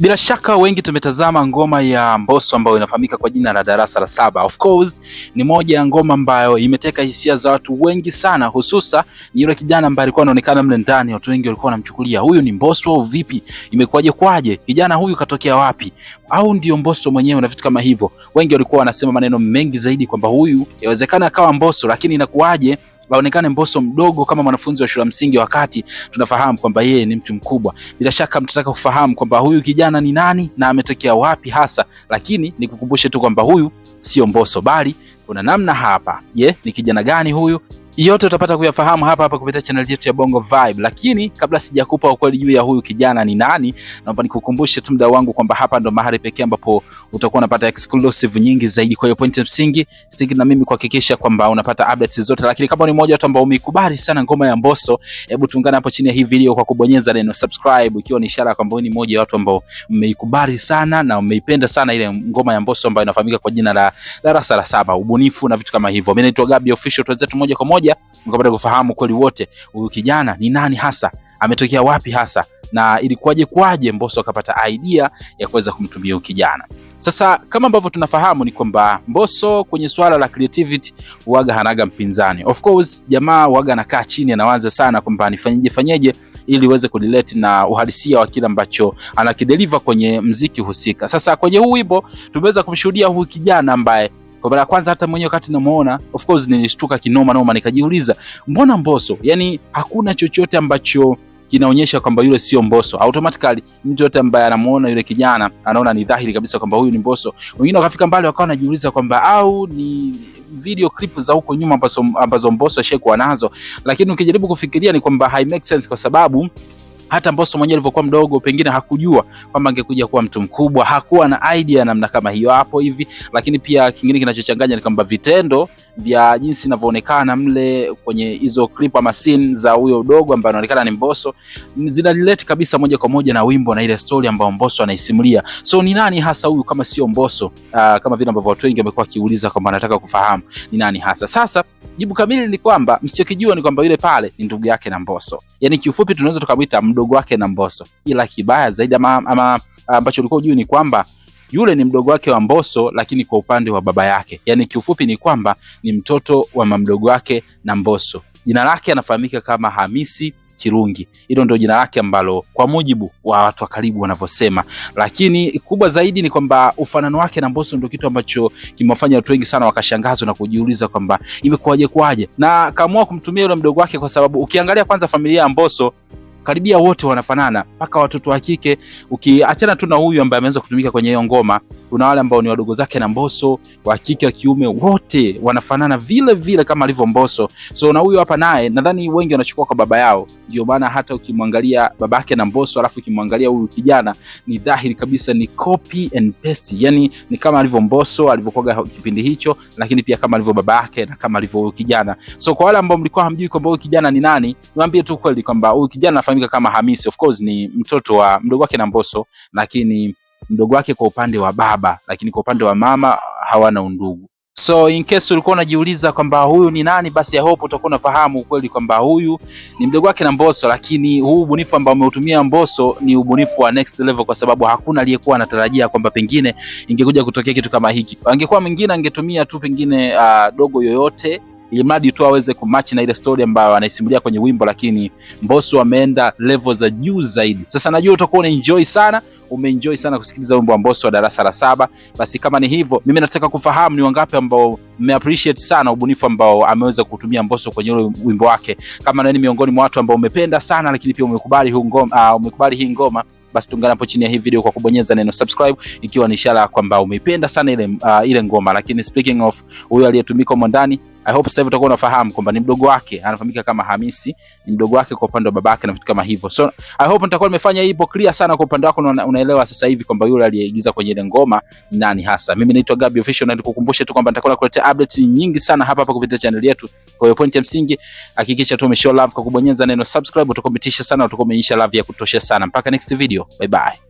Bila shaka wengi tumetazama ngoma ya Mbosso ambayo inafahamika kwa jina la Darasa la Saba. Of course ni moja ya ngoma ambayo imeteka hisia za watu wengi sana, hususa ni yule kijana ambaye alikuwa anaonekana mle ndani, watu wengi walikuwa wanamchukulia huyu ni Mbosso au vipi, imekuwaje kwaje, kijana huyu katokea wapi, au ndio Mbosso mwenyewe na vitu kama hivyo. Wengi walikuwa wanasema maneno mengi zaidi kwamba huyu yawezekana akawa Mbosso, lakini inakuwaje aonekane Mbosso mdogo kama mwanafunzi wa shule msingi, wakati tunafahamu kwamba yeye ni mtu mkubwa. Bila shaka mtataka kufahamu kwamba huyu kijana ni nani na ametokea wapi hasa, lakini nikukumbushe tu kwamba huyu sio Mbosso, bali kuna namna hapa. Je, ni kijana gani huyu? Yote utapata kuyafahamu hapa hapa kupitia channel yetu ya Bongo Vibe. Lakini kabla sijakupa ukweli juu ya huyu kijana ni nani, naomba nikukumbushe tu mda wangu kwamba hapa ndo mahali pekee ambapo utakuwa unapata exclusive nyingi zaidi. Kwa hiyo point msingi sitaki na mimi kuhakikisha kwamba unapata updates zote, lakini kama ni mmoja watu ambao umekubali sana ngoma ya Mbosso, hebu tuungane hapo chini ya hii video kwa kubonyeza neno subscribe, ikiwa ni ishara kwamba ni mmoja watu ambao umeikubali sana na umeipenda sana ile ngoma ya Mbosso ambayo inafahamika kwa jina la darasa la saba, ubunifu na vitu kama hivyo. Mimi naitwa Gabby Official, tuanze tu moja kwa moja pamoja, mkapata kufahamu kweli wote, huyu kijana ni nani hasa, ametokea wapi hasa, na ilikuwaje kwaje Mbosso akapata idea ya kuweza kumtumia huyu kijana. Sasa kama ambavyo tunafahamu ni kwamba Mbosso kwenye swala la creativity huaga hanaga mpinzani. Of course jamaa huaga anakaa chini, anawaza sana kwamba nifanyeje fanyeje ili iweze kurelate na uhalisia wa kile ambacho anakideliver kwenye mziki husika. Sasa kwenye huu wimbo tumeweza kumshuhudia huyu kijana ambaye kwa mara ya kwanza hata mwenyewe wakati namuona, of course nilishtuka kinoma noma, nikajiuliza mbona Mbosso? Yani hakuna chochote ambacho kinaonyesha kwamba yule sio Mbosso. Automatically mtu yote ambaye anamuona yule kijana anaona ni dhahiri kabisa kwamba huyu ni Mbosso. Wengine wakafika mbali wakawa wanajiuliza kwamba au ni video clip za huko nyuma ambazo ambazo Mbosso ashakuwa nazo, lakini ukijaribu kufikiria ni kwamba hai make sense kwa sababu hata Mbosso mwenyewe alivyokuwa mdogo, pengine hakujua kwamba angekuja kuwa mtu mkubwa, hakuwa na idea namna kama hiyo hapo hivi. Lakini pia kingine kinachochanganya ni kwamba vitendo vya jinsi inavyoonekana mle kwenye hizo clip ama scene za huyo dogo ambaye anaonekana ni Mbosso zina relate kabisa moja kwa moja na wimbo na ile story ambayo Mbosso anaisimulia. So ni nani hasa huyu kama sio Mbosso? Uh, kama vile ambavyo watu wengi wamekuwa kiuliza kwamba anataka kufahamu ni nani hasa. Sasa jibu kamili ni kwamba msichokijua ni kwamba yule pale ni ndugu yake na Mbosso. yani kiufupi tunaweza tukamwita mdogo wake na Mbosso. Ila kibaya zaidi ama, ama ambacho ulikuwa hujui ni kwamba yule ni mdogo wake wa Mbosso, lakini kwa upande wa baba yake, yaani kiufupi ni kwamba ni mtoto wa mamdogo wake na Mbosso. Jina lake anafahamika kama Hamisi Kirungi. Hilo ndio jina lake ambalo kwa mujibu wa watu wa karibu wanavyosema, lakini kubwa zaidi ni kwamba ufanano wake na Mbosso ndio kitu ambacho kimewafanya watu wengi sana wakashangazwa na kujiuliza kwamba imekuwaje kwaje, na kaamua kumtumia yule mdogo wake, kwa sababu ukiangalia kwanza familia ya Mbosso karibia wote wanafanana, mpaka watoto wa kike, ukiachana tu na huyu ambaye ameanza kutumika kwenye hiyo ngoma kuna wale ambao ni wadogo zake na Mbosso, wa kike wa kiume, wote wanafanana vile vile kama alivyo Mbosso. So na huyu hapa naye nadhani wengi wanachukua kwa baba yao, ndio maana hata ukimwangalia babake na Mbosso alafu ukimwangalia huyu kijana ni dhahiri kabisa ni copy and paste, yani ni kama alivyo Mbosso alivyokuwa kipindi hicho, lakini pia kama alivyo baba yake na kama alivyo huyu kijana. So kwa wale ambao mlikuwa hamjui kwamba huyu kijana ni nani, niwaambie tu kweli kwamba huyu kijana anafahamika kama Hamisi. Of course ni mtoto wa mdogo wake na Mbosso, lakini mdogo wake kwa upande wa baba, lakini kwa upande wa mama hawana undugu. So in case ulikuwa unajiuliza kwamba huyu ni nani, basi I hope utakuwa unafahamu ukweli kwamba huyu ni mdogo wake na Mbosso, lakini huu ubunifu ambao umeutumia Mbosso ni ubunifu wa next level, kwa sababu hakuna aliyekuwa anatarajia kwamba pengine ingekuja kutokea kitu kama hiki. Angekuwa mwingine angetumia tu pengine uh, dogo yoyote ili mradi tu aweze kumatch na ile story ambayo anaisimulia kwenye wimbo, lakini Mbosso ameenda level za juu zaidi. Sasa najua utakuwa unaenjoy sana umeenjoy sana kusikiliza wimbo wa Mbosso wa darasa la saba. Basi kama ni hivyo, mimi nataka kufahamu ni wangapi ambao appreciate sana ubunifu ambao ameweza kutumia Mbosso kwenye ule wimbo wake. Kama nani miongoni mwa watu ambao umependa sana, lakini pia umekubali huu ngoma, uh, umekubali hii ngoma basi tungana hapo chini ya hii video kwa kubonyeza neno subscribe, ikiwa ni ishara kwamba umeipenda sana ile uh, ile ngoma. Lakini speaking of huyo aliyetumika humo ndani, I hope sasa hivi utakuwa unafahamu kwamba ni mdogo wake, anafahamika kama Hamisi, ni mdogo wake kwa upande wa babake na vitu kama hivyo. So I hope nitakuwa nimefanya hii clear sana kwa upande wako, na unaelewa sasa hivi kwamba yule aliyeigiza kwenye ile ngoma nani hasa. Mimi naitwa Gabby Official, na nikukumbushe tu kwamba nitakuwa nakuletea updates nyingi sana hapa hapa kupitia channel yetu. Kwa hiyo point ya msingi, hakikisha tu umeshow love kwa kubonyeza neno subscribe, utakometisha sana, utakomeisha love ya kutosha sana. Mpaka next video, bye bye.